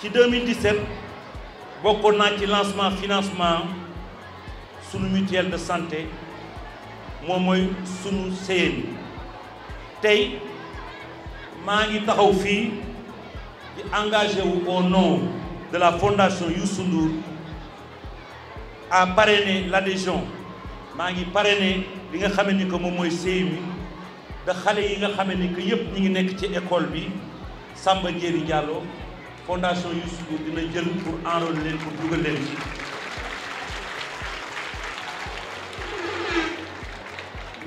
qui 2017 beaucoup na ci lancement financement sous le mutuel de santé moom mooy sunu séyéen tay mangi taxaw fi di engager wu au nom de la fondation Youssou Ndour à parrainer l'adhésion mangi parrainer li nga xamé ni que moy mooy mi da xalé yi nga xamé ni que yépp ñi ngi nekk ci école bi Samba Ndiéri Diallo fondation Youssou Ndour dina jël pour enrôler leen pour dugal leen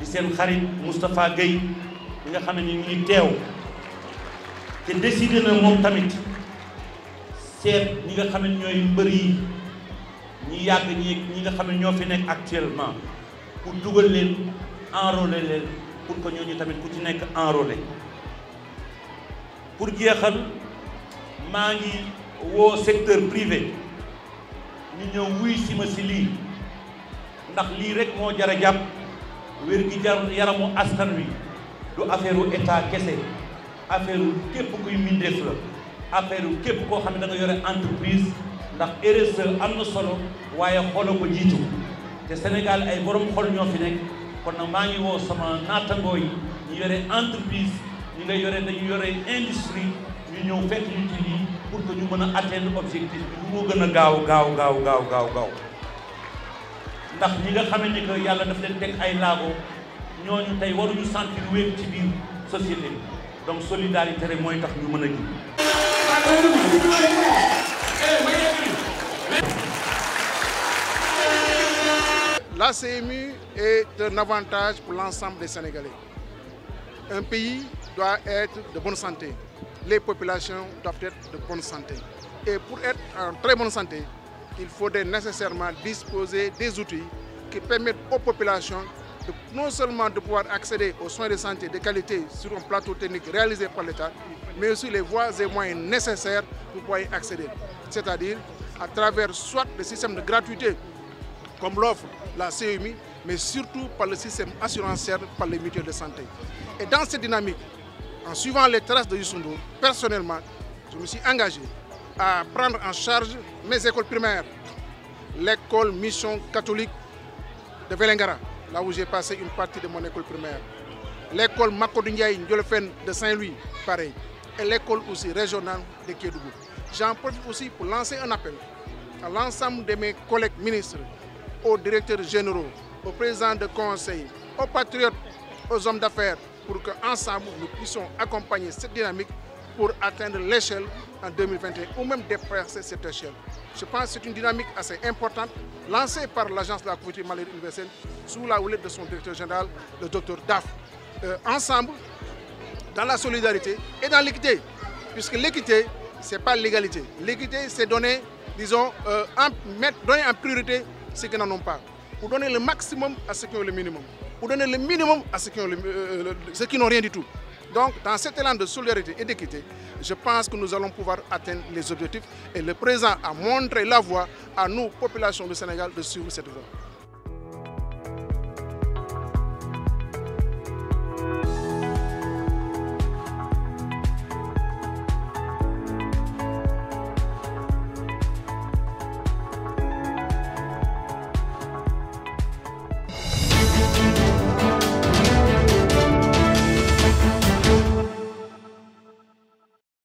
di seen xarit Moustapha Guèye bi nga xam ne ñu ngi teew te décidé na moom tamit seet ñi nga xam ne ñooy mbër yi ñi yàgg ñi ñi nga xam ne ñoo fi nekk actuellement pour dugal leen enrole le pour que ñu tamit ku ci nekk enrôler pour jeexal maa ngi woo secteur privé ñu ñëw wuy si ma si lii ndax lii rek moo jar a wér gi jar yaramu askan wi du affaire u état kese affaire u képp kuy mindeef la affaire képp koo xam ne da nga yore entreprise ndax RSE am na solo waaye xoola ko jiitu te Sénégal ay borom xol ñoo fi nekk kon na maa ngi woo sama naatangoo yi ñu yore entreprise ñu nga yore dañu yore industrie ñu ñëw fekk ñu ci lii pour que ñu mën a atteindre objectif bi lu moo gën a gaaw gaaw gaaw gaaw gaaw gaaw ndax ñi nga xamante que yàlla daf leen teg ay laago ñooñu tey waruñu sentir wéen ci biir société bi donc solidarité rek mooy tax ñu mën a La CMU est un avantage pour l'ensemble des Sénégalais. Un pays doit être de bonne santé. Les populations doivent être de bonne santé. Et pour être en très bonne santé, il faudrait nécessairement disposer des outils qui permettent aux populations non seulement de pouvoir accéder aux soins de santé de qualité sur un plateau technique réalisé par l'État, mais aussi les voies et moyens nécessaires pour pouvoir y accéder. C'est-à-dire à travers soit le système de gratuité, comme l'offre la CEMI, mais surtout par le système assurancier, par les mutuelles de santé. Et dans cette dynamique, en suivant les traces de Yusundo, personnellement, je me suis engagé à prendre en charge mes écoles primaires. L'école Mission catholique de Velengara, là où j'ai passé une partie de mon école primaire. L'école Makodunyaï Ndiolfen de Saint-Louis, pareil. Et l'école aussi régionale de Kédougou. J'en profite aussi pour lancer un appel à l'ensemble de mes collègues ministres, aux directeurs généraux, aux présidents de conseils aux patriotes, aux hommes d'affaires, pour qu'ensemble nous puissions accompagner cette dynamique pour atteindre l'échelle en 2021 ou même dépasser cette échelle. Je pense que c'est une dynamique assez importante lancée par l'Agence de la communauté maladie universelle sous la houlette de son directeur général, le docteur Daf. Euh, ensemble, dans la solidarité et dans l'équité, puisque l'équité, ce n'est pas l'égalité. L'équité, c'est donner, disons, en, euh, mettre, en priorité ceux qui n'en ont pas, Pour donner le maximum à ceux qui ont le minimum, Pour donner le minimum à ceux qui euh, n'ont rien du tout. Donc, dans cet élan de solidarité et d'équité, je pense que nous allons pouvoir atteindre les objectifs et le présent a montré la voie à nous, population du Sénégal, de suivre cette voie.